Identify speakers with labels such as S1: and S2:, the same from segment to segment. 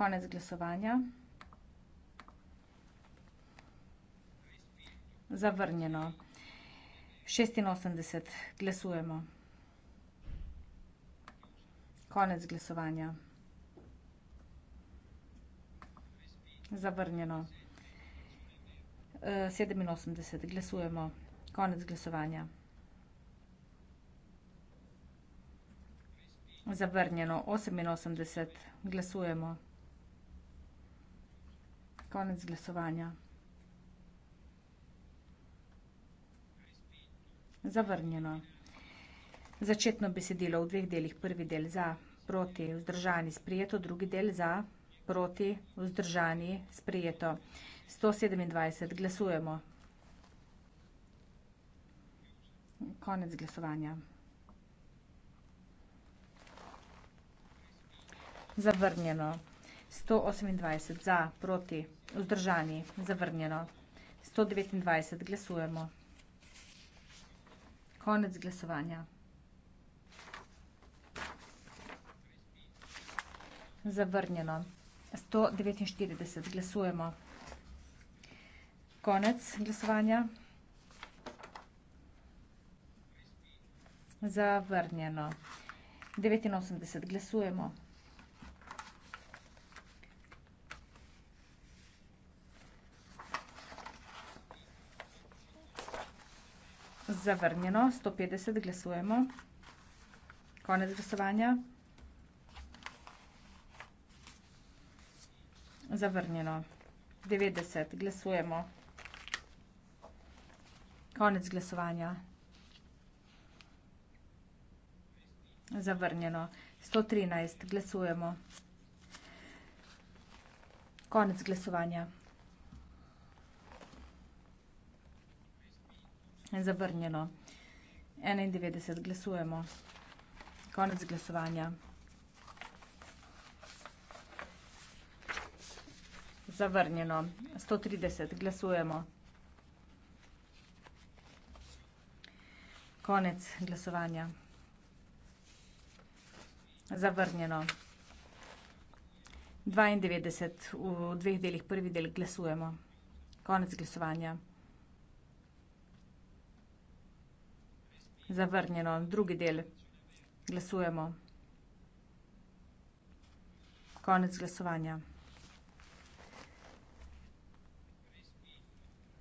S1: konec glasovanja. Zavrnjeno. 86. Glasujemo. Konec glasovanja. Zavrnjeno. 87. Eh, Glasujemo. Konec glasovanja. Zavrnjeno. 88. Glasujemo. Glasujemo. Konec glasovanja. Zavrnjeno. Začetno besedilo v dveh delih. Prvi del za, proti, vzdržani, sprijeto. Drugi del za, proti, vzdržani, sprijeto. 127. Glasujemo. Konec glasovanja. Zavrnjeno. 128 za, proti, vzdržani, sprijeto. Vzdržani, zavrnjeno. 129, glasujemo. Konec glasovanja. Zavrnjeno. 149, glasujemo. Konec glasovanja. Zavrnjeno. 89, glasujemo. zavrnjeno, 150 glasujemo. Konec glasovanja. Zavrnjeno, 90 glasujemo. Konec glasovanja. Zavrnjeno, 113 glasujemo. Konec glasovanja. Zavrnjeno. 91. Glasujemo. Konec glasovanja. Zavrnjeno. 130. Glasujemo. Konec glasovanja. Zavrnjeno. 92. V dveh delih prvi del glasujemo. Konec glasovanja. zavrnjeno. Drugi del glasujemo. Konec glasovanja.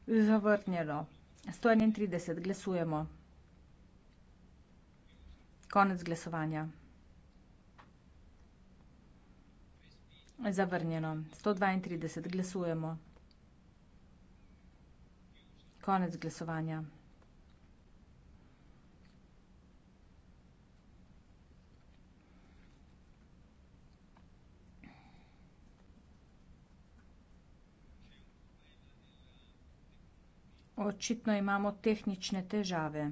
S1: Zavrnjeno. 131 glasujemo. Konec glasovanja. Zavrnjeno. 132 glasujemo. Konec glasovanja. Očitno imamo tehnične težave.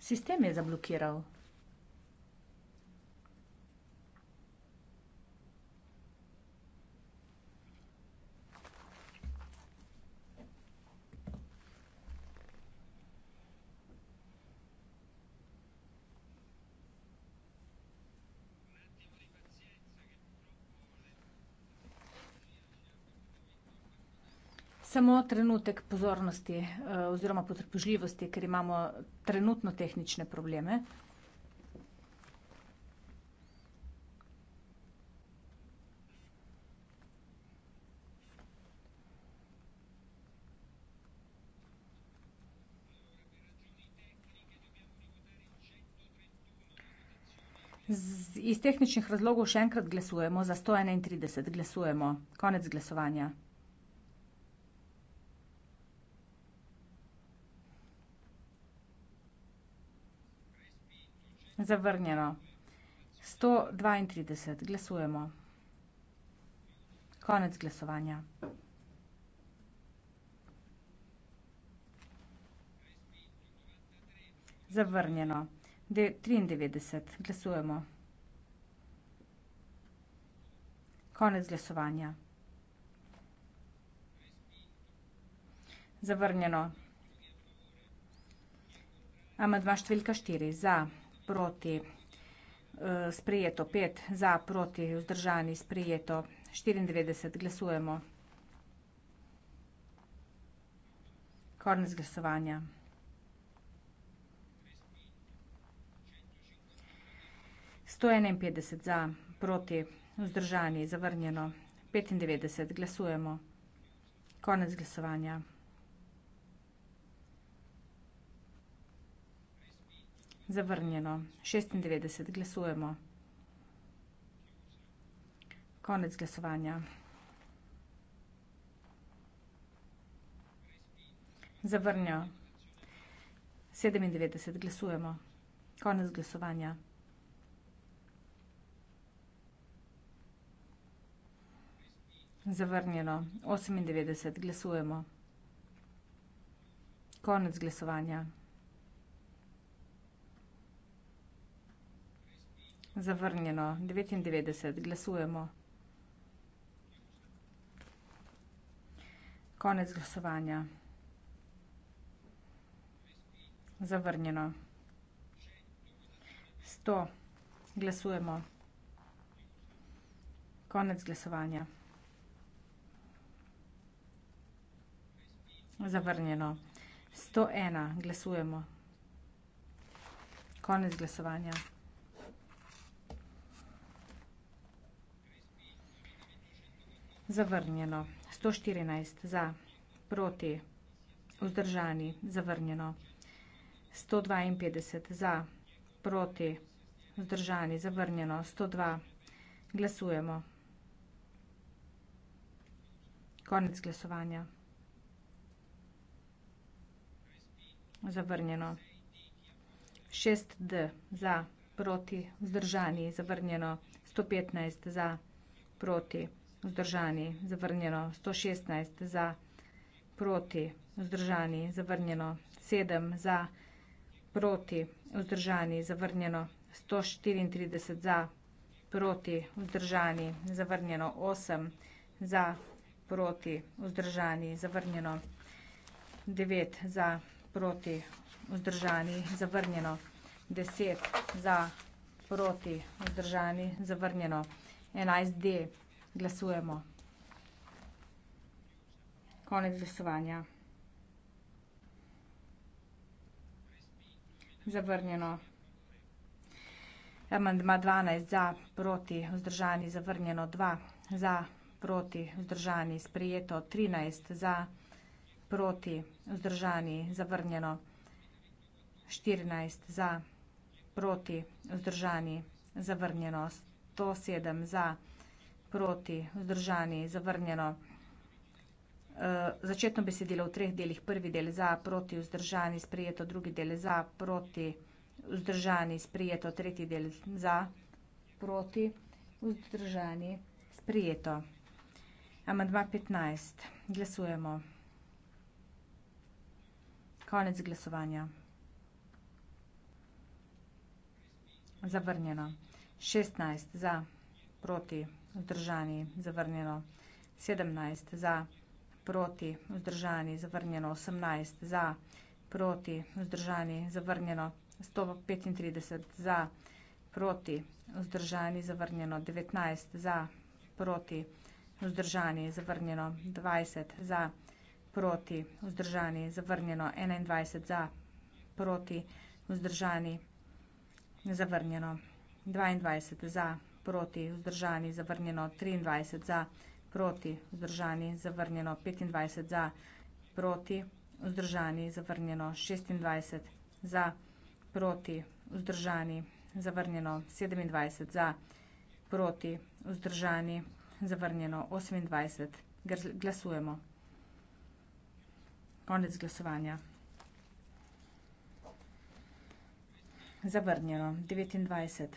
S1: Sistem je zablokiral. samo trenutek pozornosti eh, oziroma potrpežljivosti, ker imamo trenutno tehnične probleme. iz tehničnih razlogov še enkrat glasujemo za sto enaintrideset, glasujemo. Konec glasovanja. Zavrnjeno. 132. Glasujemo. Konec glasovanja. Zavrnjeno. 93. Glasujemo. Konec glasovanja. Zavrnjeno. Amadva številka 4. Za proti eh, sprejeto, pet za, proti vzdržani, sprejeto, 94 glasujemo. Konec glasovanja. Sto enainpetdeset za, proti vzdržani, zavrnjeno, petindevetdeset glasujemo. Konec glasovanja. Zavrnjeno. 96. Glasujemo. Konec glasovanja. Zavrnjeno. 97. Glasujemo. Konec glasovanja. Zavrnjeno. 98. Glasujemo. Konec glasovanja. Zavrnjeno. Zavrnjeno. 99. Glasujemo. Konec glasovanja. Zavrnjeno. 100. Glasujemo. Konec glasovanja. Zavrnjeno. 101. Glasujemo. Konec glasovanja. zavrnjeno. 114 za, proti, vzdržani, zavrnjeno. 152 za, proti, vzdržani, zavrnjeno. 102 glasujemo. Konec glasovanja. Zavrnjeno. 6D za, proti, vzdržani, zavrnjeno. 115 za, proti, vzdržani vzdržani, zavrnjeno 116 za, proti, vzdržani, zavrnjeno 7 za, proti, vzdržani, zavrnjeno 134 za, proti, vzdržani, zavrnjeno 8 za, proti, vzdržani, zavrnjeno 9 za, proti, vzdržani, zavrnjeno 10 za, proti, vzdržani, zavrnjeno 11 D. Glasujemo. Konec glasovanja. Zavrnjeno. Amandma 12 za, proti, vzdržani, zavrnjeno 2 za, proti, vzdržani, sprijeto 13 za, proti, vzdržani, zavrnjeno 14 za, proti, vzdržani, zavrnjeno 107 za, proti, vzdržani, zavrnjeno 107 za, proti, vzdržani, zavrnjeno. Eh, začetno besedilo v treh delih, prvi del za, proti, vzdržani, sprijeto, drugi del za, proti, vzdržani, sprijeto, tretji del za, proti, vzdržani, sprijeto. Amandma 15. Glasujemo. Konec glasovanja. Zavrnjeno. 16 za, proti, vzdržani vzdržani, zavrnjeno 17, za, proti, vzdržani, zavrnjeno 18, za, proti, vzdržani, zavrnjeno 135, za, proti, vzdržani, zavrnjeno 19, za, proti, vzdržani, zavrnjeno 20, za, proti, vzdržani, zavrnjeno 21, za, proti, vzdržani, zavrnjeno 22, za, proti, vzdržani, zavrnjeno 22, za, proti vzdržani zavrnjeno 23 za proti vzdržani zavrnjeno 25 za proti vzdržani zavrnjeno 26 za proti vzdržani zavrnjeno 27 za proti vzdržani zavrnjeno 28 glasujemo konec glasovanja zavrnjeno 29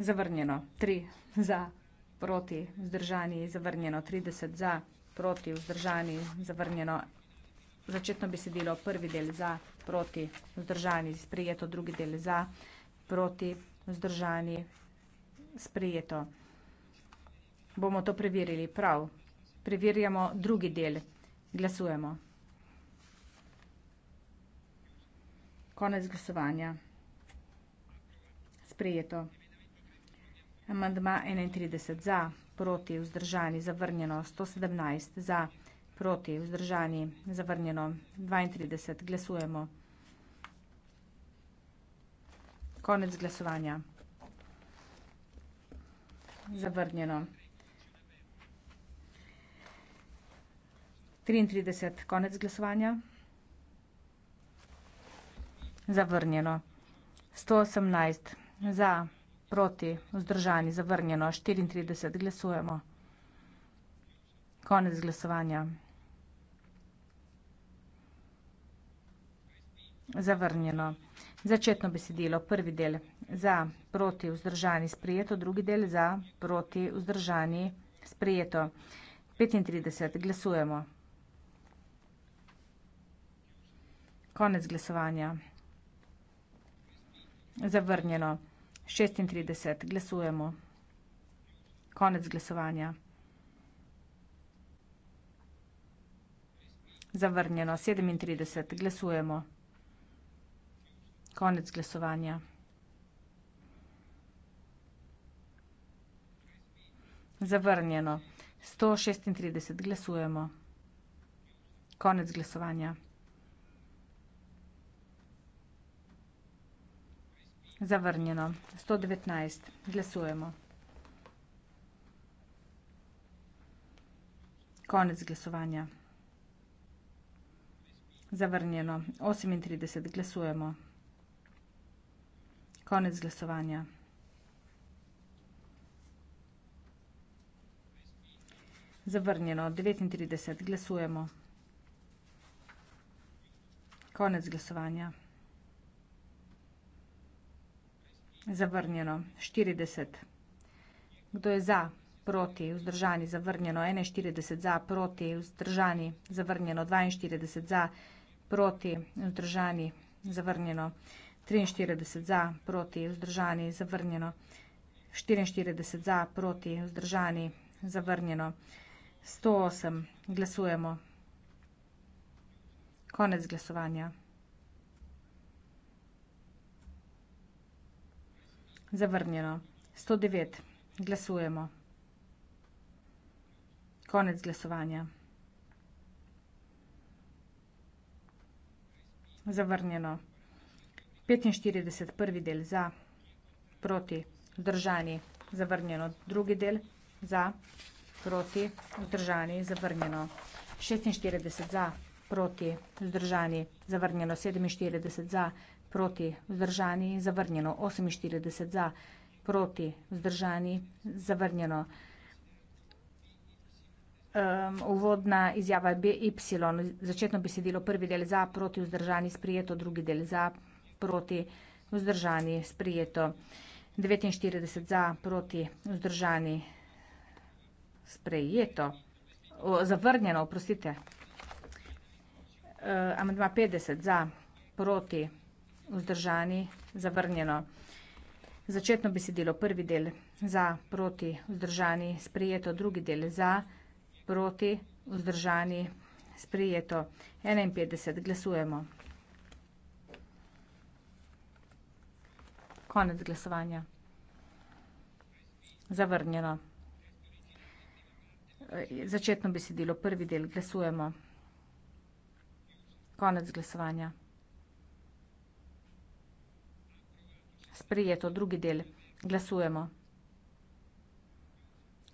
S1: Zavrnjeno. Tri za, proti, vzdržani, zavrnjeno. 30 za, proti, vzdržani, zavrnjeno. Začetno besedilo, prvi del za, proti, vzdržani, sprijeto, drugi del za, proti, vzdržani, sprijeto. Bomo to preverili prav. Preverjamo drugi del. Glasujemo. Konec glasovanja. Sprijeto. Amandma 31 za, proti vzdržani, zavrnjeno 117 za, proti vzdržani, zavrnjeno 32. Glasujemo. Konec glasovanja. Zavrnjeno. 33. Konec glasovanja. Zavrnjeno. 118 za, proti vzdržani, zavrnjeno 22 proti, vzdržani, zavrnjeno, 34 glasujemo. Konec glasovanja. Zavrnjeno. Začetno besedilo, prvi del za proti vzdržani sprejeto, drugi del za proti vzdržani sprejeto. 35 glasujemo. Konec glasovanja. Zavrnjeno. 36, glasujemo. Konec glasovanja. Zavrnjeno, 37, glasujemo. Konec glasovanja. Zavrnjeno, 136, glasujemo. Konec glasovanja. Zavrnjeno. 119. Glasujemo. Konec glasovanja. Zavrnjeno. 38. Glasujemo. Konec glasovanja. Zavrnjeno. 39. Glasujemo. Konec glasovanja. 39. zavrnjeno štirideset kdo je za proti vzdržani zavrnjeno enainštirideset za proti vzdržani zavrnjeno dvainštirideset za proti vzdržani zavrnjeno triinštirideset za proti vzdržani zavrnjeno štiriinštirideset za proti vzdržani zavrnjeno sto osem glasujemo konec glasovanja Zavrnjeno. 109. Glasujemo. Konec glasovanja. Zavrnjeno. 45. Prvi del za, proti, vzdržani, zavrnjeno. Drugi del za, proti, vzdržani, zavrnjeno. 46 za, proti, vzdržani, zavrnjeno. 47 za, proti vzdržani, zavrnjeno 48 za, proti vzdržani, zavrnjeno. Um, uvodna izjava je BY, začetno besedilo prvi del za, proti vzdržani, sprijeto, drugi del za, proti vzdržani, sprijeto. 49 za, proti vzdržani, sprijeto, o, zavrnjeno, oprostite. Uh, amandma 50 za, proti vzdržani vzdržani, zavrnjeno. Začetno besedilo, prvi del za, proti, vzdržani, sprijeto, drugi del za, proti, vzdržani, sprijeto. 51, glasujemo. Konec glasovanja. Zavrnjeno. Začetno besedilo, prvi del, glasujemo. Konec glasovanja. sprejeto drugi del. Glasujemo.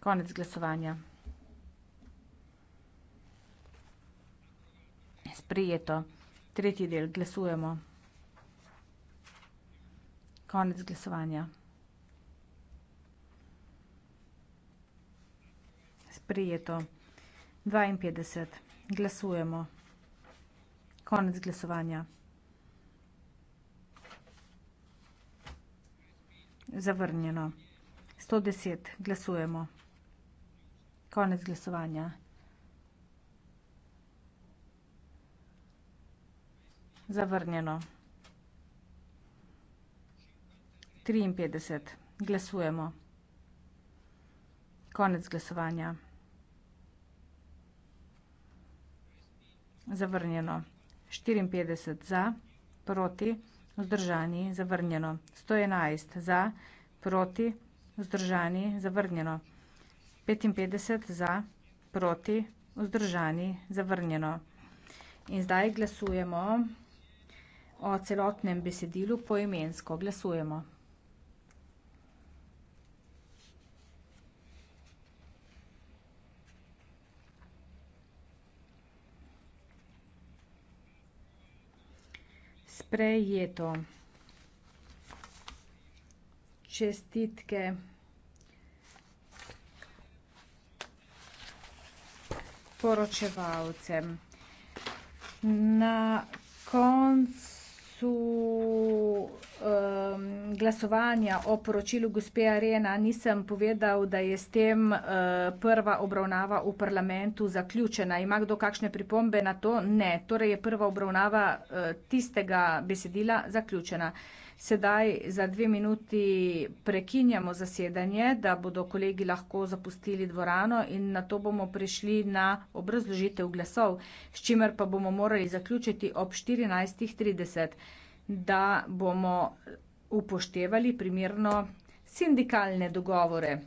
S1: Konec glasovanja. Sprejeto. Tretji del. Glasujemo. Konec glasovanja. Sprejeto. 52. Glasujemo. Konec glasovanja. Zavrnjeno. 110. Glasujemo. Konec glasovanja. Zavrnjeno. 53. Glasujemo. Konec glasovanja. Zavrnjeno. 54 za, proti vzdržani, zavrnjeno. 111 za, proti, vzdržani, zavrnjeno. 55 za, proti, vzdržani, zavrnjeno. In zdaj glasujemo o celotnem besedilu poimensko. Glasujemo. Glasujemo. sprejeto. Čestitke. Poročevalcem. Na koncu času um, glasovanja o poročilu gospe Arena nisem povedal, da je s tem uh, prva obravnava v parlamentu zaključena. Ima kdo kakšne pripombe na to? Ne. Torej je prva obravnava uh, tistega besedila zaključena. Uh, Sedaj za dve minuti prekinjamo zasedanje, da bodo kolegi lahko zapustili dvorano in na to bomo prišli na obrazložitev glasov, s čimer pa bomo morali zaključiti ob 14.30, da bomo upoštevali primerno sindikalne dogovore.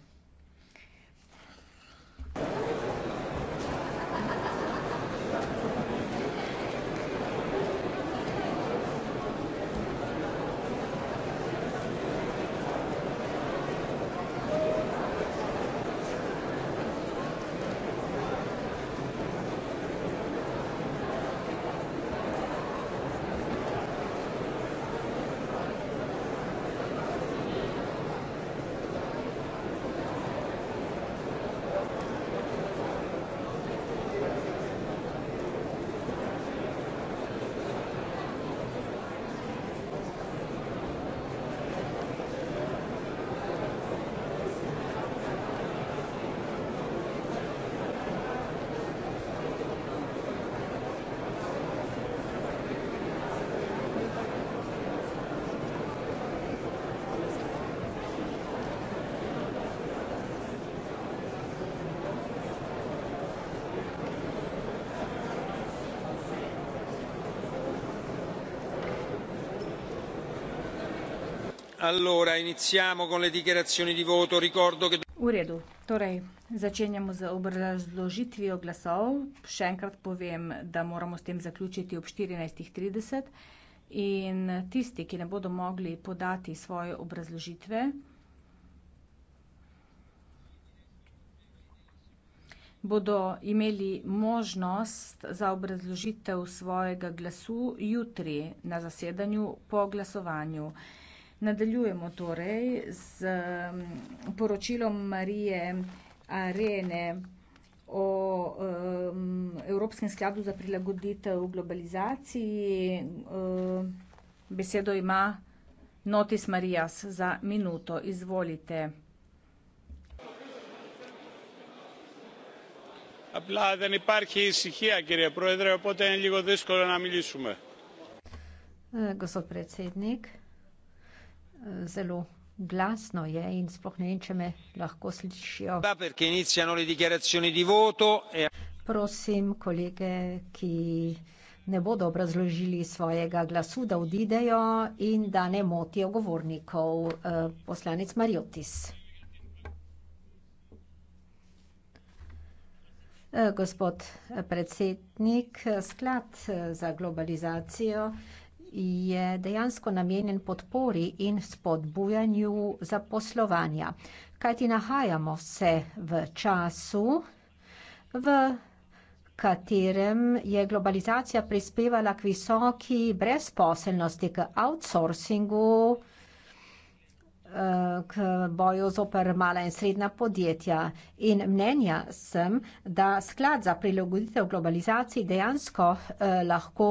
S2: allora iniziamo con le dichiarazioni di voto ricordo che
S1: v redu torej začenjamo z obrazložitvijo glasov še enkrat povem da moramo s tem zaključiti ob 14:30 in tisti ki ne bodo mogli podati svoje obrazložitve bodo imeli možnost za obrazložitev svojega glasu jutri na zasedanju po glasovanju. Nadaljujemo torej z mm, poročilom Marije Arene o um, Evropskem skladu za prilagoditev globalizaciji. Um, besedo ima Notis Marijas za minuto. Izvolite.
S2: Gospod predsednik zelo glasno je in sploh ne vem, če me lahko slišijo. E- Prosim kolege, ki ne bodo obrazložili svojega glasu, da odidejo in da ne motijo govornikov. Eh, poslanec Mariotis. Eh, gospod eh, predsednik, sklad za globalizacijo je dejansko namenjen podpori in spodbujanju zaposlovanja. Kajti nahajamo se v času, v katerem je globalizacija prispevala k visoki brezposelnosti, k outsourcingu, k boju zoper mala in srednja podjetja. In mnenja sem, da sklad za prilagoditev globalizaciji dejansko eh, lahko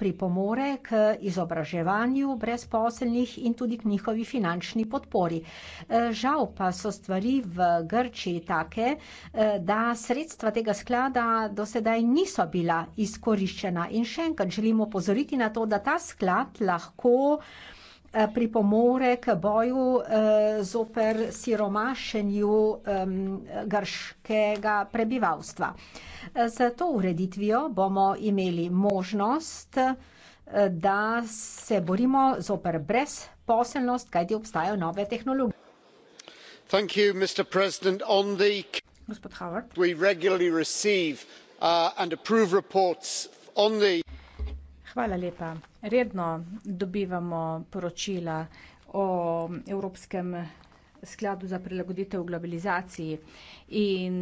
S2: pripomore k izobraževanju brezposelnih in tudi k njihovi finančni podpori. Eh, žal pa so stvari v Grči take, eh, da sredstva tega sklada do sedaj niso bila izkoriščena. In še enkrat želim opozoriti na to, da ta sklad lahko Eh, pripomore k boju eh, zoper siromašenju grškega prebivalstva. Z eh, to ureditvijo bomo imeli možnost, da se borimo zoper brezposelnost, kajti obstajajo nove tehnologije. Thank you, Mr. President. On the Gospod Howard. We regularly receive uh, and approve reports on the
S1: Hvala lepa. Redno dobivamo poročila o Evropskem skladu za prilagoditev globalizaciji in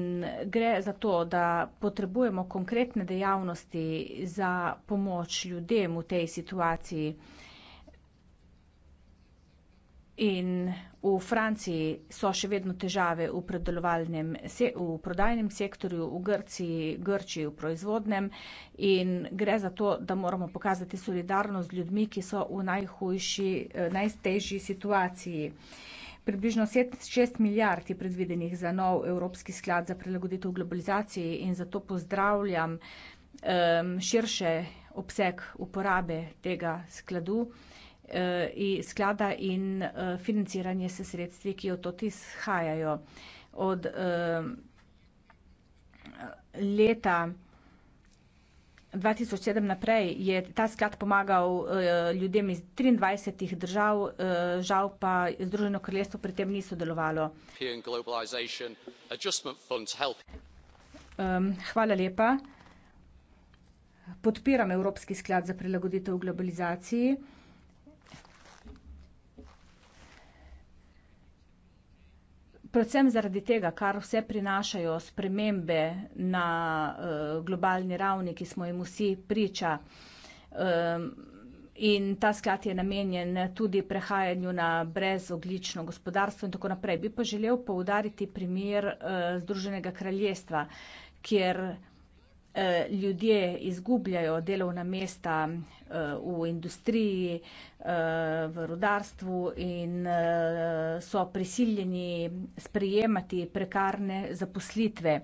S1: gre za to, da potrebujemo konkretne dejavnosti za pomoč ljudem v tej situaciji. In v Franciji so še vedno težave v predelovalnem, se, v prodajnem sektorju, v Grciji, Grčiji, v proizvodnem in gre za to, da moramo pokazati solidarnost z ljudmi, ki so v najhujši, eh, najtežji situaciji. Približno 6 milijard je predvidenih za nov Evropski sklad za prilagoditev globalizaciji in zato pozdravljam um, širše obseg uporabe tega skladu eh, in sklada in eh, financiranje se sredstvi, ki od tega izhajajo. Od eh, leta 2007 naprej je ta sklad pomagal eh, ljudem iz 23 držav, eh, žal pa Združeno kraljestvo pri tem ni sodelovalo. Ehm, hvala lepa. Podpiram Evropski sklad za prilagoditev globalizaciji. predvsem zaradi tega, kar vse prinašajo spremembe na uh, globalni ravni, ki smo jim vsi priča. Um, in ta sklad je namenjen tudi prehajanju na brezoglično gospodarstvo in tako naprej. Bi pa želel poudariti primer uh, Združenega kraljestva, kjer Eh, ljudje izgubljajo delovna mesta, eh, v industriji, eh, v rudarstvu in, so prisiljeni sprejemati prekarne zaposlitve.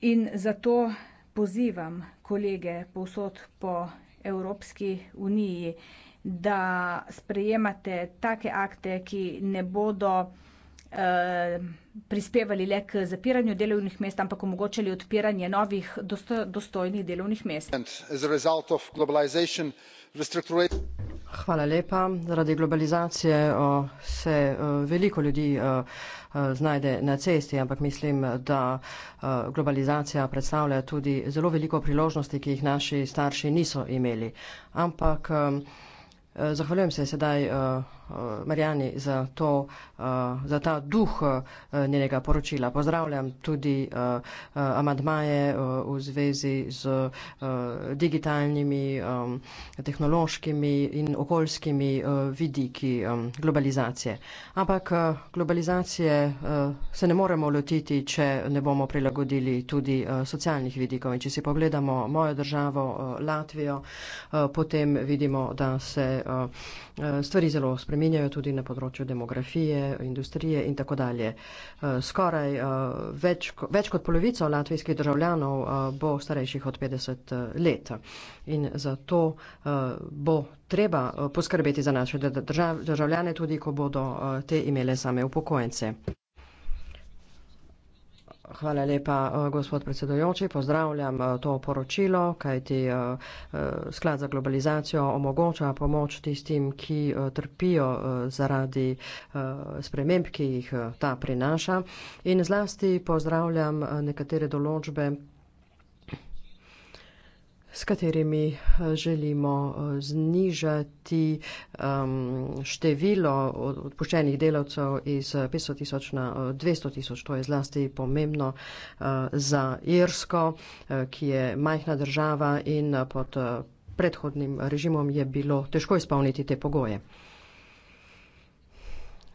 S1: In zato pozivam kolege povsod po Evropski uniji, da sprejemate take akte, ki ne bodo Eh, prispevali le k zapiranju delovnih mest, ampak omogočali odpiranje novih dostojnih delovnih mest.
S3: Hvala lepa. Zaradi globalizacije se eh, veliko ljudi eh, znajde na cesti, ampak mislim, da globalizacija predstavlja tudi zelo veliko priložnosti, ki jih naši starši niso imeli. Ampak zahvaljujem se sedaj Eh, Marjani za, to, eh, za ta duh eh, njenega poročila. Pozdravljam tudi amadmaje v zvezi z digitalnimi, tehnološkimi in okoljskimi vidiki globalizacije. Ampak globalizacije se ne moremo lotiti, če ne bomo prilagodili tudi socialnih vidikov. In če si pogledamo mojo državo Latvijo, potem vidimo, da se stvari zelo spremenijo spreminjajo tudi na področju demografije, industrije in tako dalje. Eh, skoraj eh, več, več kot polovico latvijskih državljanov eh, bo starejših od 50 let in zato bo treba poskrbeti za naše državljane tudi, ko bodo te imele same upokojence. Hvala lepa, eh, gospod predsedojoči. Pozdravljam eh, to poročilo, kajti eh, sklad za globalizacijo omogoča pomoč tistim, ki trpijo zaradi sprememb, ki jih ta prinaša. In zlasti pozdravljam nekatere določbe s katerimi eh, želimo eh, znižati um, število odpuščenih delavcev iz 500 eh, tisoč na 200 tisoč. To je zlasti pomembno uh, za Irsko, uh, ki je majhna država in pod predhodnim režimom je bilo težko izpolniti te pogoje.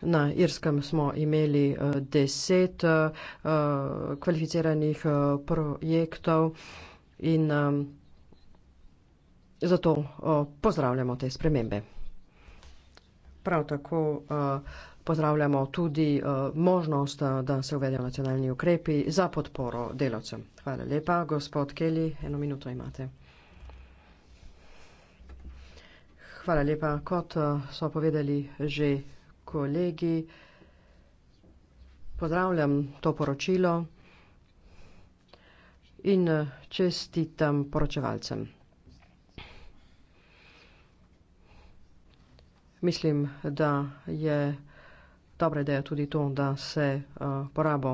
S3: Na Irskem smo imeli deset uh, kvalificiranih uh, projektov in um, Zato uh, pozdravljamo te spremembe. Prav tako uh, pozdravljamo tudi uh, možnost, uh, da se uvedejo nacionalni ukrepi za podporo delavcem. Hvala lepa, gospod Kelly. Eno minuto imate. Hvala lepa. Kot uh, so povedali že kolegi, pozdravljam to poročilo in uh, čestitam poročevalcem. Mislim, da je dobra ideja tudi to, da se eh, porabo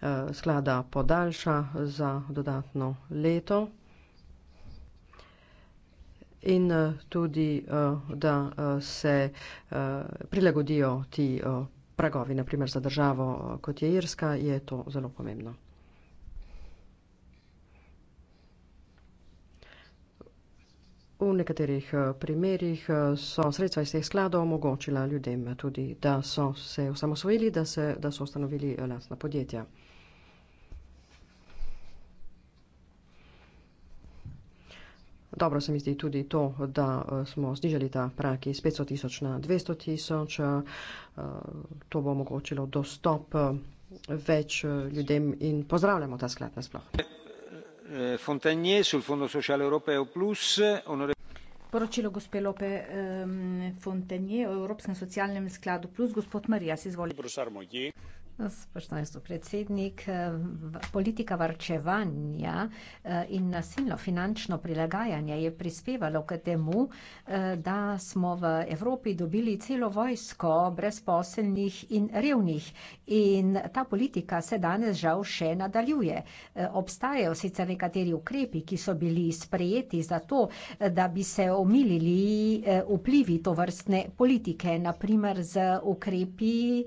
S3: eh, sklada podaljša za dodatno leto in eh, tudi, da se prilagodijo ti pragovi, naprimer za državo, kot je Irska, je to zelo pomembno. V nekaterih eh, primerjih eh, so sredstva iz teh skladov omogočila ljudem tudi, da so se osamosvojili, da, se, da so ustanovili eh, lastna podjetja. Dobro se mi zdi tudi to, da smo znižali ta prak iz 500 tisoč na 200 tisoč. To bo omogočilo dostop več ljudem in pozdravljamo ta sklad nasploh.
S2: Eh,
S1: poročilo gospe lope ehm, fontagné o evropskem socialnem skladu plus
S2: gospod marias izvolite. Spoštovani predsednik, politika varčevanja eh, in nasilno finančno prilagajanje je prispevalo k temu, eh, da smo v Evropi dobili celo vojsko brezposelnih in revnih. In ta politika se danes žal še nadaljuje. Eh, obstajajo sicer nekateri ukrepi, ki so bili sprejeti za to, da bi se omilili vplivi tovrstne politike, na primer z ukrepi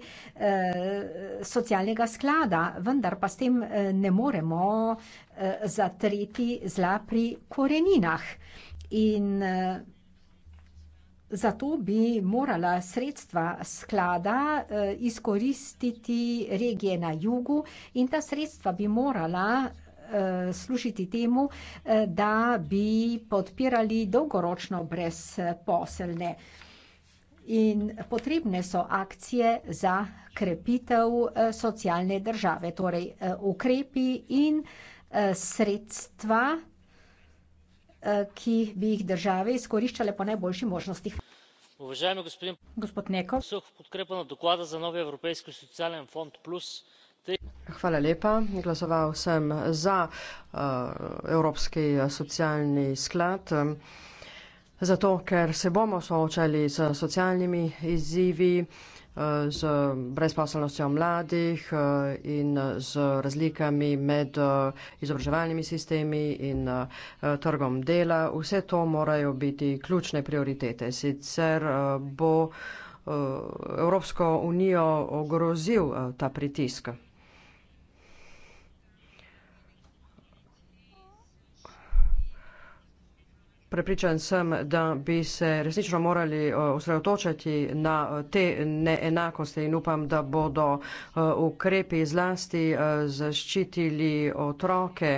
S2: socialnega sklada, vendar pa s tem eh, ne moremo eh, zatreti zla pri koreninah. In eh, zato bi morala sredstva sklada izkoristiti regije na jugu in ta sredstva bi morala služiti temu, da bi podpirali dolgoročno brezposelne. In potrebne so akcije za krepitev eh, socialne države, torej eh, ukrepi in eh, sredstva, ki bi jih države
S3: izkoriščale po najboljši možnostih.
S1: Уважаеми господин
S3: Господ Неков, в подкрепа на доклада за новия Европейски социален фонд Плюс, Hvala lepa. Glasoval sem za uh, Evropski socialni sklad, um, zato ker se bomo soočali s socialnimi izzivi uh, z brezposelnostjo mladih eh, in z razlikami med eh, izobraževalnimi sistemi in eh, trgom dela. Vse to morajo biti ključne prioritete. Sicer bo Evropsko unijo ogrozil ta pritisk. Prepričan sem, da bi se resnično morali eh, osredotočati na eh, te neenakosti in upam, da bodo eh, ukrepi zlasti zaščitili otroke,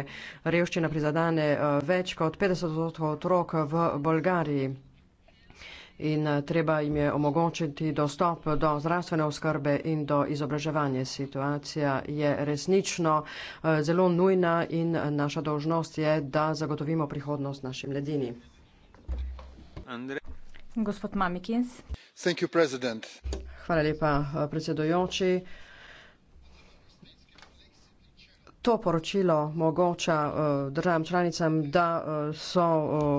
S3: revščina prizadane več kot 50 otrok v Bolgariji in eh, treba jim je omogočiti dostop do zdravstvene oskrbe in do izobraževanja. Situacija je resnično eh, zelo nujna in eh, naša dožnost je, da zagotovimo prihodnost naši mladini. Gospod Mamikins. Hvala lepa, predsedojoči to poročilo mogoča eh, državam članicam, da eh, so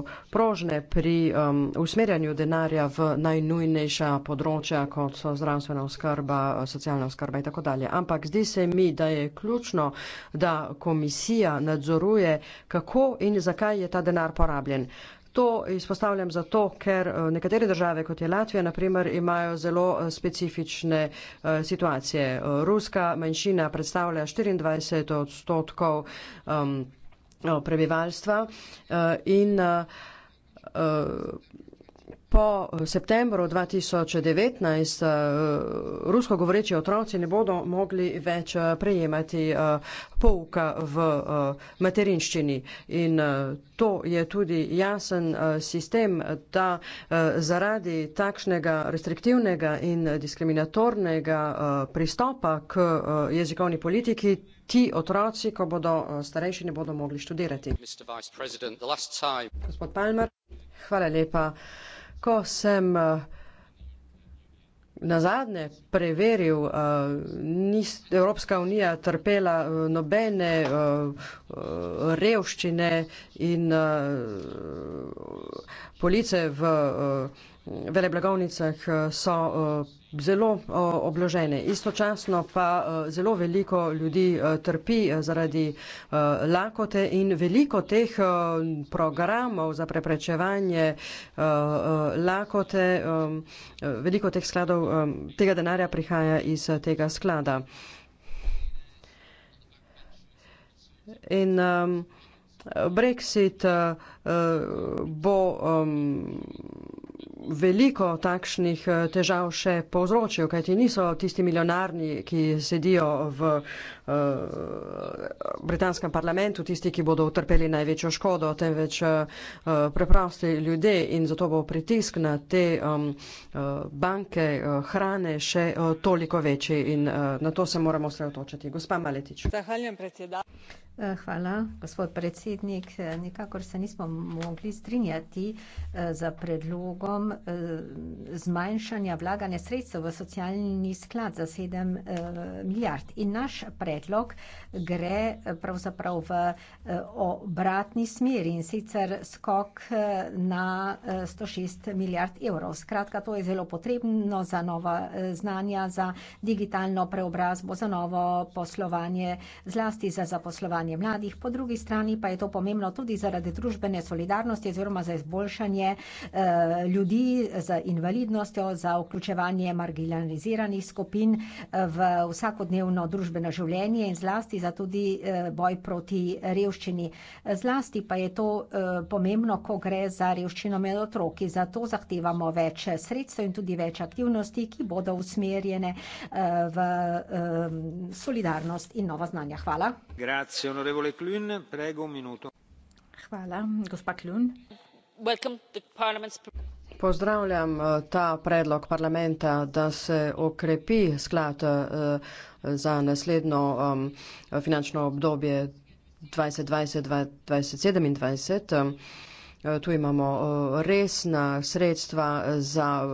S3: eh, prožne pri usmerjanju denarja v najnujnejša področja, kot so zdravstvena oskrba, socialna oskrba in tako dalje. Ampak zdi se mi, da je ključno, da komisija nadzoruje, kako in zakaj je ta denar porabljen. To izpostavljam zato, ker eh, nekatere države, kot je Latvija, naprimer, imajo zelo eh, specifične eh, situacije. Ruska manjšina predstavlja 24 odstotkov ehm, prebivalstva in po eh, septembru 2019 rusko govoreči otroci ne bodo mogli več eh, prejemati eh, pouka v materinščini. In to je tudi jasen sistem, da zaradi takšnega restriktivnega in diskriminatornega pristopa k jezikovni politiki ti otroci, ko bodo starejši, ne bodo mogli študirati. Gospod Palmer, hvala lepa ko sem eh, na zadnje preveril, eh, ni Evropska unija trpela eh, nobene revščine in police v Evropi, veleblagovnicah eh, so eh, zelo eh, obložene. Istočasno pa zelo veliko ljudi trpi zaradi lakote in veliko teh programov za preprečevanje lakote, veliko teh skladov, tega denarja prihaja iz tega sklada. In Brexit bo veliko takšnih eh, težav še povzročijo, kajti niso tisti milijonarni, ki sedijo v Eh, britanskem parlamentu tisti, ki bodo utrpeli največjo škodo, temveč eh, eh, preprosti ljudje in zato bo pritisk na te banke hrane še toliko večji in na to se moramo sreotočiti. Gospa Maletič. Zahvaljujem predsedal.
S2: Hvala, gospod predsednik. Nikakor se nismo mogli strinjati za predlogom zmanjšanja vlaganja sredstev v socialni sklad za 7 milijard. In naš predlog predlog gre eh, pravzaprav v eh, obratni smeri in sicer skok eh, na 106 milijard evrov. Skratka, to je zelo potrebno za nova znanja, za digitalno preobrazbo, za novo poslovanje, zlasti za zaposlovanje mladih. Po drugi strani pa je to pomembno tudi zaradi družbene solidarnosti oziroma za izboljšanje ljudi z invalidnostjo, za vključevanje marginaliziranih skupin v vsakodnevno družbeno življenje življenje in zlasti za tudi eh, boj proti revščini. Zlasti pa je to eh, pomembno, ko gre za revščino med otroki. Zato zahtevamo več sredstev in tudi več aktivnosti, ki bodo usmerjene eh, v solidarnost in nova znanja. Hvala. Grazie, onorevole Klun. Prego, minuto. Hvala, gospa Klun.
S3: Pozdravljam ta predlog parlamenta, da se okrepi sklad uh, za naslednjo um, finančno obdobje 2020-2027. Um, tu imamo uh, resna sredstva za uh,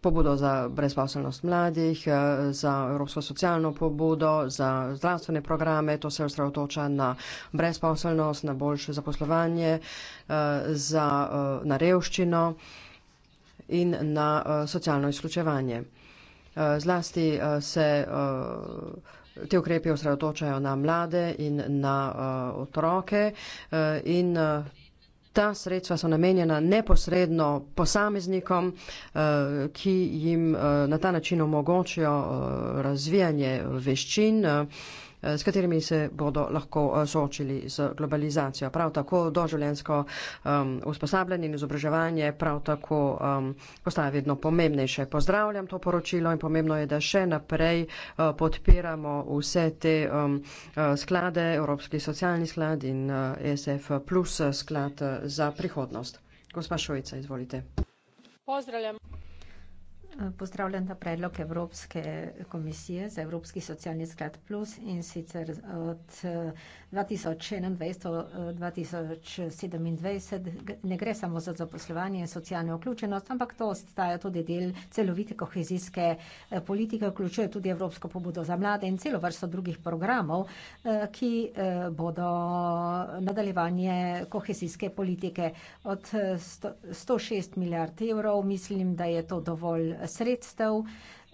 S3: pobudo za brezposelnost mladih, uh, za evropsko socialno pobudo, za zdravstvene programe. To se osredotoča na brezposelnost, na boljše zaposlovanje, za, na revščino in na socialno izključevanje. Eh, zlasti eh, se eh, te ukrepe osredotočajo na mlade in na otroke in ta sredstva so namenjena neposredno posameznikom, ki jim na ta način omogočijo razvijanje veščin Eh, s katerimi se bodo lahko eh, soočili z globalizacijo. Prav tako doživljensko um, usposabljanje in izobraževanje prav tako um, postaje vedno pomembnejše. Pozdravljam to poročilo in pomembno je, da še naprej uh, podpiramo vse te um, sklade, Evropski socialni sklad in uh, ESF plus sklad za prihodnost. Gospa Šojica, izvolite.
S2: Pozdravljam. Pozdravljam ta predlog Evropske komisije za Evropski socialni sklad plus in sicer od 2021 eh, do 2027. Eh, ne gre samo za zaposlovanje in socialno vključenost, ampak to ostaja tudi del celovite kohezijske eh, politike, vključuje tudi Evropsko pobudo za mlade in celo vrsto drugih programov, ki bodo nadaljevanje kohezijske politike. Od 106 milijard evrov mislim, da je to dovolj sredstev.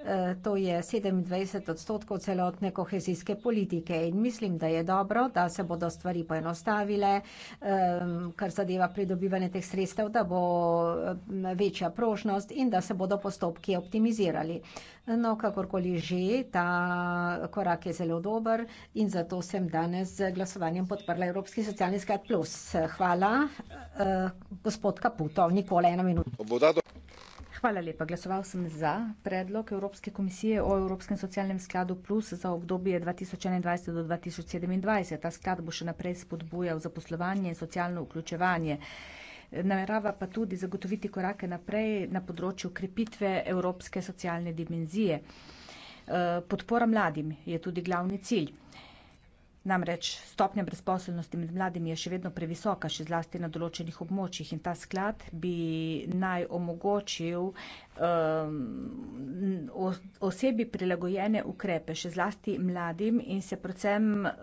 S2: Eh, to je 27 odstotkov celotne kohezijske politike in mislim, da je dobro, da se bodo stvari poenostavile, ehm, kar zadeva pridobivanje teh sredstev, da bo eh, večja prožnost in da se bodo postopki optimizirali. No, kakorkoli že, ta korak je zelo dober in zato sem danes z glasovanjem podprla Evropski socialni sklad plus. Hvala, eh, gospod Kaputo. Nikola, ena minuta. Hvala lepa. Glasoval sem za predlog Evropske komisije
S1: o Evropskem socialnem skladu plus za obdobje 2021 do 2027. Ta sklad bo še naprej spodbujal zaposlovanje in socialno vključevanje. Namerava pa tudi zagotoviti korake naprej na področju krepitve Evropske socialne dimenzije. Podpora mladim je tudi glavni cilj. Namreč stopnja brezposelnosti med mladimi je še vedno previsoka, še zlasti na določenih območjih in ta sklad bi naj omogočil um, osebi prilagojene ukrepe, še zlasti mladim in se predvsem uh,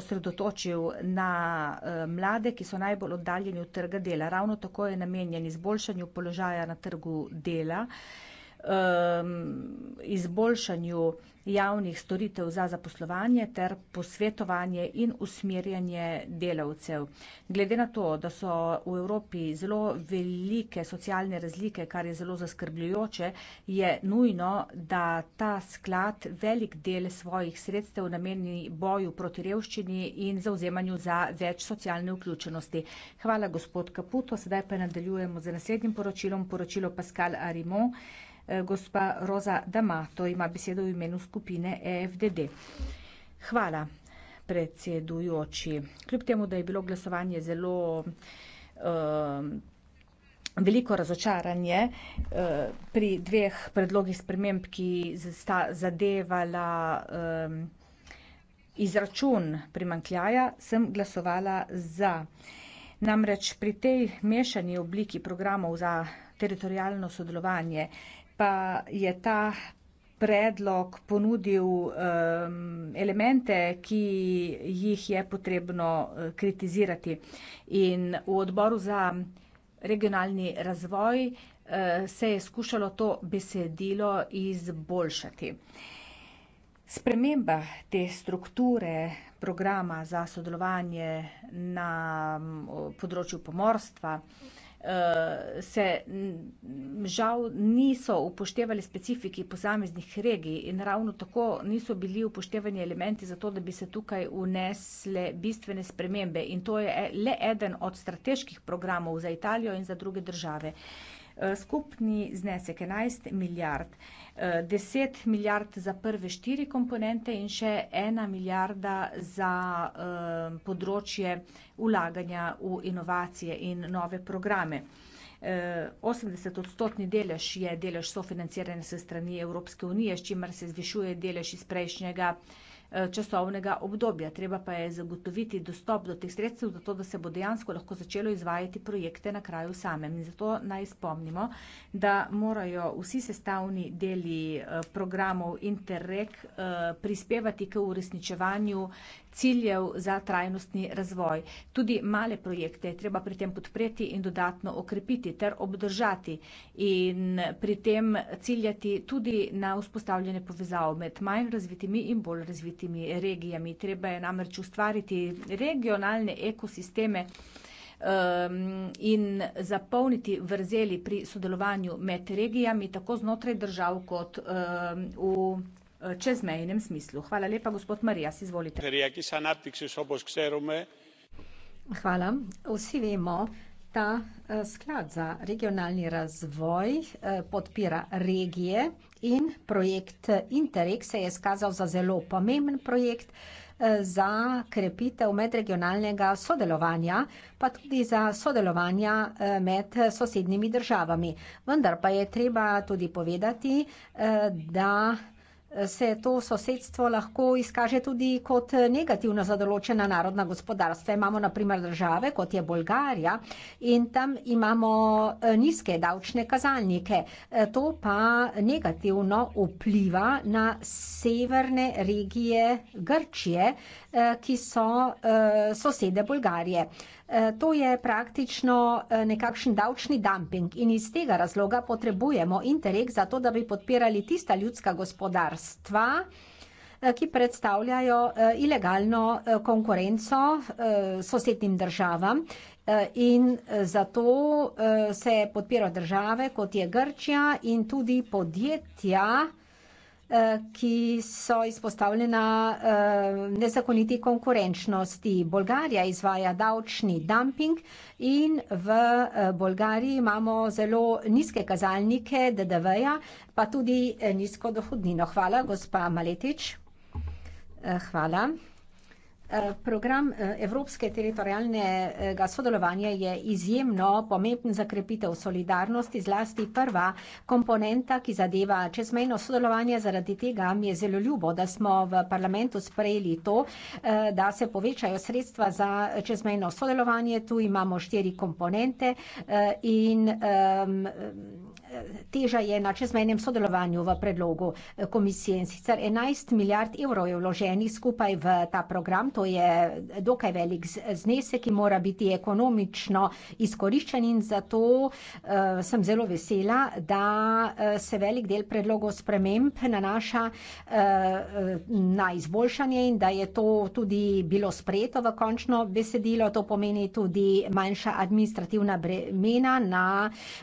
S1: osredotočil na uh, mlade, ki so najbolj oddaljeni od trga dela. Ravno tako je namenjen izboljšanju položaja na trgu dela, um, izboljšanju javnih storitev za zaposlovanje ter posvetovanje in usmerjanje delavcev. Glede na to, da so v Evropi zelo velike socialne razlike, kar je zelo zaskrbljujoče, je nujno, da ta sklad velik del svojih sredstev nameni boju proti revščini in zauzemanju za več socialne vključenosti. Hvala, gospod Kaputo. Sedaj pa nadaljujemo z naslednjim poročilom, poročilo Pascal Arimont. Eh, gospa Roza D'Amato ima besedo v imenu skupine EFDD. Hvala, predsedujoči. Kljub temu, da je bilo glasovanje zelo eh, veliko razočaranje eh, pri dveh predlogih sprememb, ki sta zadevala izračun primankljaja, sem glasovala za. Namreč pri tej mešani obliki programov za teritorijalno sodelovanje pa je ta predlog ponudil um, elemente, ki jih je potrebno uh, kritizirati. In v odboru za regionalni razvoj uh, se je skušalo to besedilo izboljšati. Sprememba te strukture programa za sodelovanje na um, področju pomorstva uh, Eh, se žal niso upoštevali specifiki posameznih regij in ravno tako niso bili upoštevani elementi za to, da bi se tukaj unesle bistvene spremembe in to je e, le eden od strateških programov za Italijo in za druge države. Eh, skupni znesek 11 milijard 10 eh, milijard za prve štiri komponente in še ena milijarda za eh, področje ulaganja v inovacije in nove programe. 80 eh, odstotni delež je delež sofinanciranja se strani Evropske unije, s čimer se zvišuje delež iz prejšnjega Eh, časovnega obdobja. Treba pa je zagotoviti dostop do teh sredstev, zato da se bo dejansko lahko začelo izvajati projekte na kraju samem. In zato naj spomnimo, da morajo vsi sestavni deli eh, programov Interreg eh, prispevati k uresničevanju ciljev za trajnostni razvoj. Tudi male projekte je treba pri tem podpreti in dodatno okrepiti ter obdržati in pri tem ciljati tudi na vzpostavljanje povezav med manj razvitimi in bolj razvitimi tistimi regijami. Treba je namreč ustvariti regionalne ekosisteme um, in zapolniti vrzeli pri sodelovanju med regijami, tako znotraj držav kot um, v eh, čezmejnem smislu. Hvala lepa, gospod Marijas, izvolite.
S2: Hvala. Vsi vemo, ta eh, sklad za regionalni razvoj eh, podpira regije in projekt Interreg se je izkazal za zelo pomemben projekt eh, za krepitev medregionalnega sodelovanja, pa tudi za sodelovanja med sosednjimi državami. Vendar pa je treba tudi povedati, da se to sosedstvo lahko izkaže tudi kot negativno za določena narodna gospodarstva. Imamo na primer države, kot je Bolgarija, in tam imamo e, nizke davčne kazalnike. E, to pa negativno vpliva na severne regije Grčije, e, ki so sosede Bolgarije. Eh, to je praktično eh, nekakšen davčni dumping in iz tega razloga potrebujemo interreg za to, da bi podpirali tista ljudska gospodarstva, eh, ki predstavljajo ilegalno konkurenco sosednjim državam in zato se podpirajo države, kot je Grčija in tudi podjetja, Eh, ki so izpostavljena eh, nezakoniti konkurenčnosti. Bolgarija izvaja davčni dumping in v eh, Bolgariji imamo zelo nizke kazalnike DDV-ja, pa tudi nizko dohodnino. Hvala, gospa Maletič. Hvala. Eh, program eh, Evropske teritorijalnega sodelovanja je izjemno pomemben za krepitev solidarnosti, zlasti prva komponenta, ki zadeva čezmejno sodelovanje. Zaradi tega mi je zelo ljubo, da smo v parlamentu sprejeli to, eh, da se povečajo sredstva za čezmejno sodelovanje. Tu imamo štiri komponente in, teža je na čezmenjem sodelovanju v predlogu eh, komisije in sicer 11 milijard evrov je vloženih skupaj v ta program, to je dokaj velik znesek, ki mora biti ekonomično izkoriščen in zato uh, sem zelo vesela, da uh, se velik del predlogov sprememb nanaša uh, na izboljšanje in da je to tudi bilo sprejeto v končno besedilo, to pomeni tudi manjša administrativna bremena na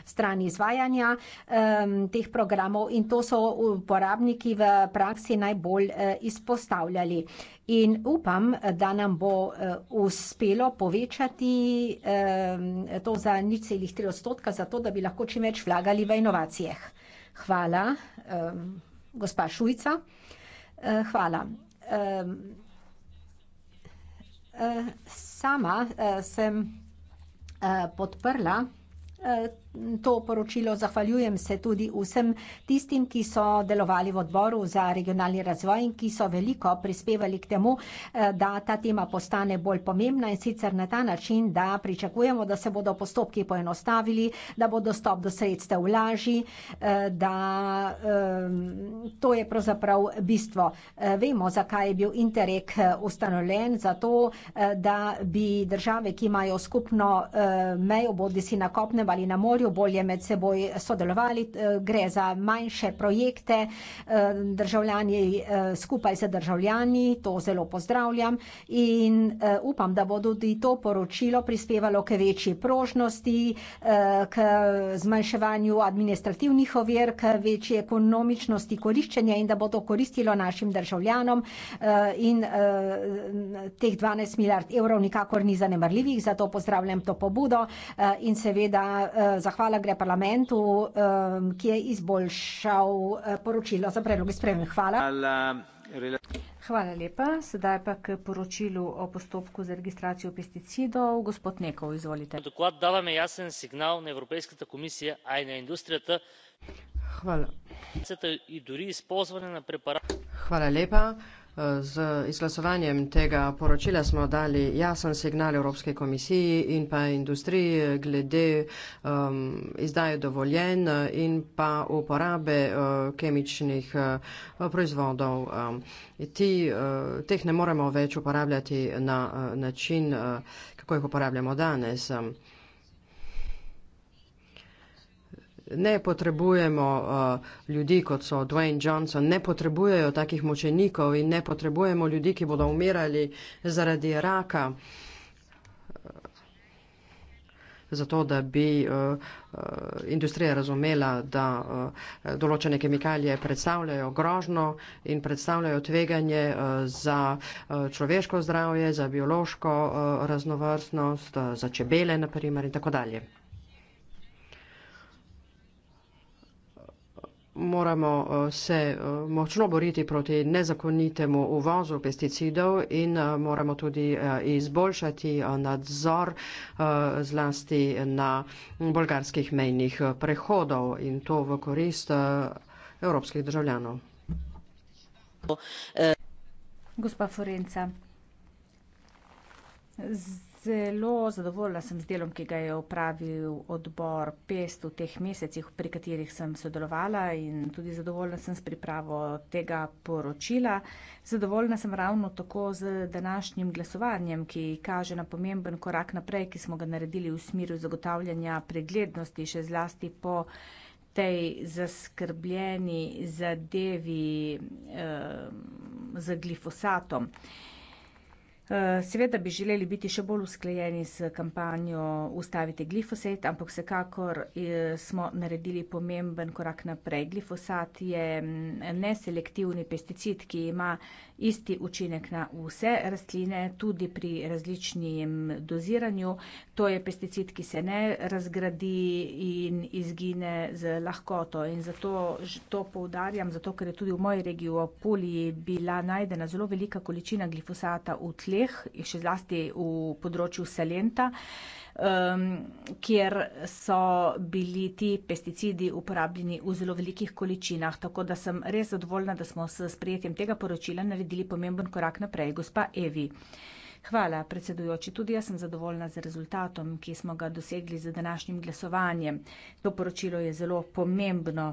S2: strani izvajanja um, teh programov in to so uporabniki v praksi najbolj uh, izpostavljali. In upam, da nam bo eh, uspelo povečati to za nič celih tri odstotka, zato da bi lahko čim več vlagali v inovacijah. Hvala, gospa Šujca. Eh, hvala. Sama sem podprla to poročilo. Zahvaljujem se tudi vsem tistim, ki so delovali v odboru za regionalni razvoj in ki so veliko prispevali k temu, eh, da ta tema postane bolj pomembna in sicer na ta način, da pričakujemo, da se bodo postopki poenostavili, da bo dostop do sredstev lažji, eh, da ehm, to je pravzaprav bistvo. Eh, vemo, zakaj je bil Interreg ustanovljen, zato da bi države, ki imajo skupno mejo, bodi si na kopnem ali na morju, sektorju bolje med seboj sodelovali, eh, gre za manjše projekte, eh, državljani eh, skupaj z državljani, to zelo pozdravljam in upam, da bo tudi to poročilo prispevalo k večji prožnosti, k zmanjševanju administrativnih ovir, k večji ekonomičnosti koriščenja in da bo to koristilo našim državljanom in teh 12 milijard evrov nikakor ni zanemarljivih, zato pozdravljam to pobudo in seveda za zahvala gre parlamentu, um, ki je izboljšal eh, poročilo za predlog izpreme. Hvala. Hvala lepa. Sedaj pa k poročilu o postopku
S1: za registracijo pesticidov. Gospod Nekov, izvolite. Doklad dava me jasen signal na Evropejskata komisija, a je na industrijata.
S3: Hvala. Hvala lepa. Z izglasovanjem tega poročila smo dali jasen signal Evropske komisiji in pa industriji glede um, izdaje dovoljen in pa uporabe uh, kemičnih uh, proizvodov. Um, ti, uh, teh ne moremo več uporabljati na uh, način, uh, kako jih uporabljamo danes. Um, Ne potrebujemo uh, ljudi, kot so Dwayne Johnson, ne potrebujejo takih močenikov in ne potrebujemo ljudi, ki bodo umirali zaradi raka, eh, zato da bi uh, uh, industrija razumela, da uh, določene kemikalije predstavljajo grožno in predstavljajo tveganje uh, za uh, človeško zdravje, za biološko uh, raznovrstnost, uh, za čebele naprimer in tako dalje. moramo eh, se eh, močno boriti proti nezakonitemu uvozu pesticidov in eh, moramo tudi izboljšati nadzor zlasti na bolgarskih mejnih prehodov in to v korist evropskih državljanov.
S1: Gospa Forenca zelo zadovoljna sem z delom, ki ga je upravil odbor PEST v teh mesecih, pri katerih sem sodelovala in tudi zadovoljna sem s pripravo tega poročila. Zadovoljna sem ravno tako z današnjim glasovanjem, ki kaže na pomemben korak naprej, ki smo ga naredili v smeru zagotavljanja preglednosti, še zlasti po tej zaskrbljeni zadevi eh, z glifosatom. Eh, Seveda bi želeli biti še bolj usklajeni s kampanjo Ustavite glifosat, ampak vsekakor eh, smo naredili pomemben korak naprej. Glifosat je mm, neselektivni pesticid, ki ima isti učinek na vse rastline, tudi pri različnem doziranju. To je pesticid, ki se ne razgradi in izgine z lahkoto. In zato to poudarjam, zato ker je tudi v moji regiji v Apuliji bila najdena zelo velika količina glifosata v tleh dveh, še zlasti v področju Salenta, um, kjer so bili ti pesticidi uporabljeni v zelo velikih količinah. Tako da sem res zadovoljna, da smo s sprejetjem tega poročila naredili pomemben korak naprej. Gospa Evi. Hvala, predsedujoči. Tudi jaz sem zadovoljna z rezultatom, ki smo ga dosegli z današnjim glasovanjem. To poročilo je zelo pomembno.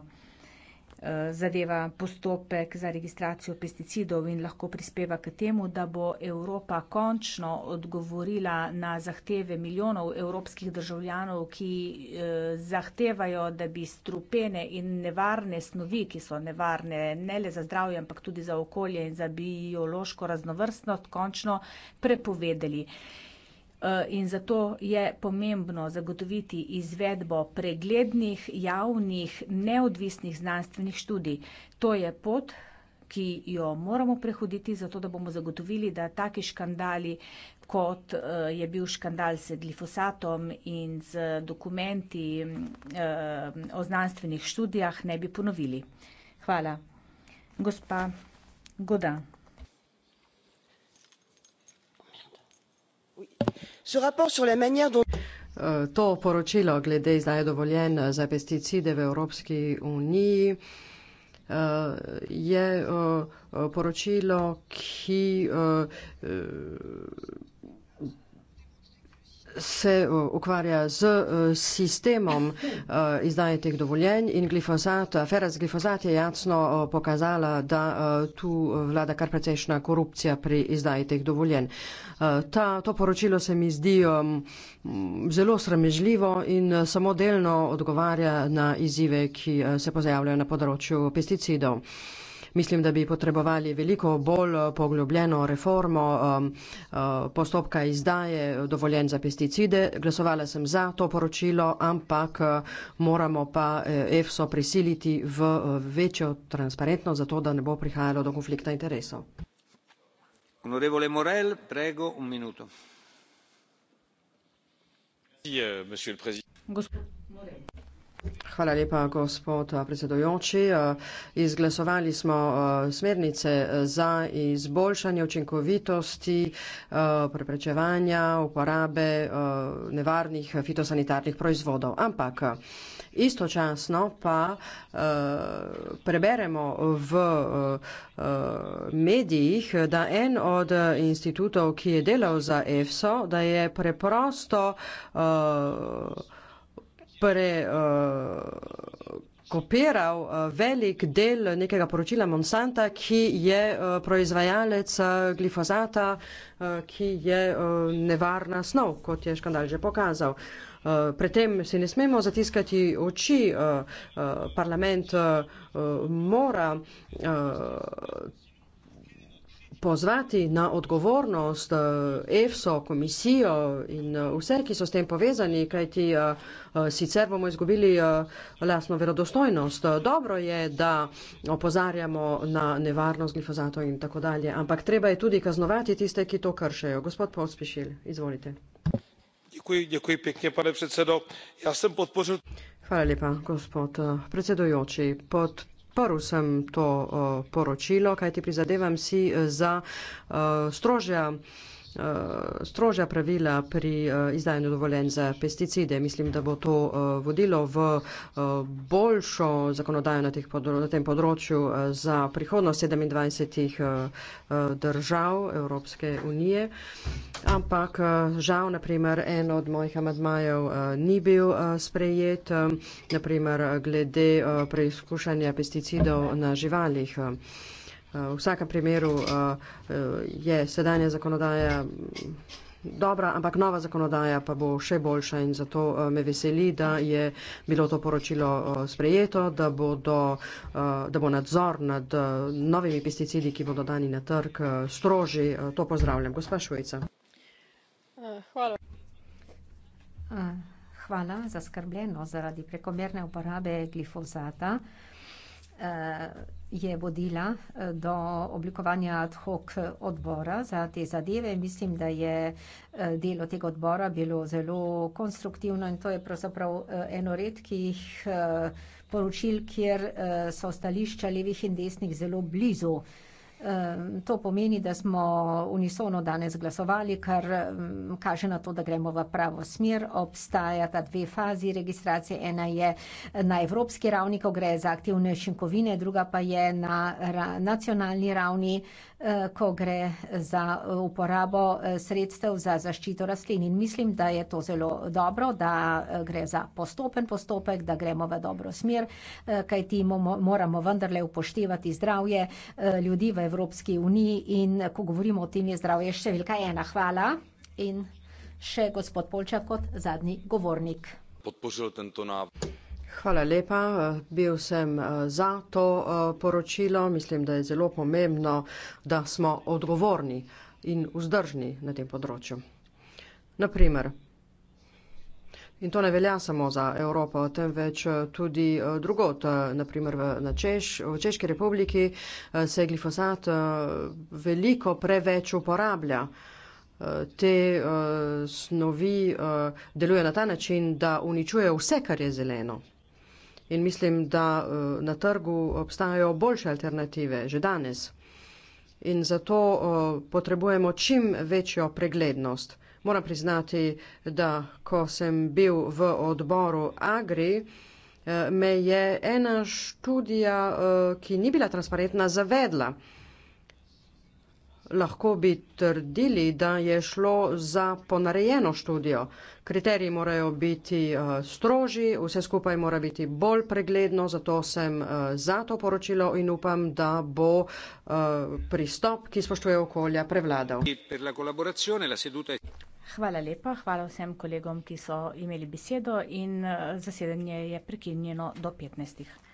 S1: Eh, zadeva postopek za registracijo pesticidov in lahko prispeva k temu, da bo Evropa končno odgovorila na zahteve milijonov evropskih državljanov, ki eh, zahtevajo, da bi strupene in nevarne snovi, ki so nevarne ne le za zdravje, ampak tudi za okolje in za biološko raznovrstnost, končno prepovedali. Eh, in zato je pomembno zagotoviti izvedbo preglednih, javnih, neodvisnih znanstvenih študij. To je pot, ki jo moramo prehoditi, zato da bomo zagotovili, da taki škandali, kot eh, je bil škandal s glifosatom in z dokumenti eh, o znanstvenih študijah, ne bi ponovili. Hvala. Gospa Goda.
S3: Eh, to poročilo glede izdaje dovoljenj eh, za pesticide v Evropski uniji eh, je poročilo, ki se eh, ukvarja z eh, sistemom eh, izdaje teh dovoljenj in glifosat, afera z glifosat je jasno pokazala, da tu vlada kar precejšna korupcija pri izdaji teh dovoljenj. Ta, to poročilo se mi zdi zelo sramežljivo in samo delno odgovarja na izzive, ki se pojavljajo na področju pesticidov. Mislim, da bi potrebovali veliko bolj poglobljeno reformo um, uh, postopka izdaje dovoljenj za pesticide. Glasovala sem za to poročilo, ampak uh, moramo pa uh, EFSO prisiliti v večjo transparentnost, zato da ne bo prihajalo do konflikta interesov.
S2: Honorevole Morel, prego un minuto. Euh,
S3: Gospod Morel. Hvala lepa, gospod eh, predsedojoči. Eh, izglasovali smo eh, smernice za izboljšanje učinkovitosti preprečevanja uporabe nevarnih fitosanitarnih proizvodov. Ampak istočasno pa preberemo v medijih, da en od institutov, ki je delal za EFSO, da je preprosto prekopiral eh, eh, velik del nekega poročila Monsanta, ki je eh, proizvajalec glifozata, ki je nevarna snov, kot je škandal že pokazal. Pred tem si ne smemo zatiskati oči, parlament mora pozvati na odgovornost eh, EFSO, komisijo in eh, vse, ki so s tem povezani, kajti eh, sicer bomo izgubili lasno verodostojnost. Dobro je, da opozarjamo na nevarnost glifozatov in tako dalje, ampak treba je tudi kaznovati tiste, ki to kršejo. Gospod Pospišil, izvolite.
S2: Děkuji, děkuji pěkně, pane předsedo. Já jsem podpořil...
S3: Hvala lepa, gospod predsedujoči. Pod podprl sem to eh, poročilo, kajti prizadevam si eh, za eh, strožja Eh, strožja pravila pri eh, izdajanju dovoljenj za pesticide. Mislim, da bo to eh, vodilo v boljšo zakonodajo na, podro, na tem področju za prihodnost 27 držav Evropske unije. Ampak žal, naprimer, en od mojih amadmajev ni bil sprejet, naprimer, glede preizkušanja pesticidov na živalih. Eh, v vsakem primeru eh, eh, je sedanja zakonodaja dobra, ampak nova zakonodaja pa bo še boljša in zato me veseli, da je bilo to poročilo sprejeto, da bo, do, da bo nadzor nad novimi pesticidi, ki bodo dani na trg, stroži. To pozdravljam. Gospa Švojca.
S2: Hvala. Hvala za skrbljeno zaradi prekomerne uporabe glifozata je vodila eh, do oblikovanja ad hoc eh, odbora za te zadeve. Mislim, da je eh, delo tega odbora bilo zelo konstruktivno in to je pravzaprav eno redkih poročil, kjer so stališča levih in desnih zelo blizu To pomeni, da smo unisono danes glasovali, kar kaže na to, da gremo v pravo smer. Obstaja ta dve fazi registracije. Ena je na evropski ravni, ko gre za aktivne šinkovine, druga pa je na nacionalni ravni, Eh, ko gre za uporabo eh, sredstev za zaščito rastlin. In mislim, da je to zelo dobro, da eh, gre za postopen postopek, da gremo v dobro smer, kajti moramo vendarle upoštevati zdravje ljudi v Evropski uniji in ko govorimo o tem, je zdravje številka ena. Hvala.
S3: In še gospod Polčak kot zadnji govornik.
S2: Podpořil tento návrh.
S3: Hvala lepa. Bil sem eh, za to eh, poročilo. Mislim, da je zelo pomembno, da smo odgovorni in vzdržni na tem področju. Naprimer, In to ne velja samo za Evropo, temveč eh, tudi drugot. Naprimer na Češ, v Češki republiki se glifosat veliko preveč uporablja. Te snovi deluje na ta način, da uničuje vse, kar je zeleno. In mislim, da eh, na trgu obstajajo boljše alternative že danes. In zato eh, potrebujemo čim večjo preglednost. Moram priznati, da ko sem bil v odboru Agri, eh, me je ena študija, ki ni bila transparentna, zavedla lahko bi trdili, da je šlo za ponarejeno študijo. Kriteriji morajo biti eh, stroži, vse skupaj mora biti bolj pregledno, zato sem eh, za to poročilo in upam, da bo eh, pristop, ki spoštuje okolja, prevladal.
S1: Hvala lepa, hvala vsem kolegom, ki so imeli besedo in zasedanje je prekinjeno do 15.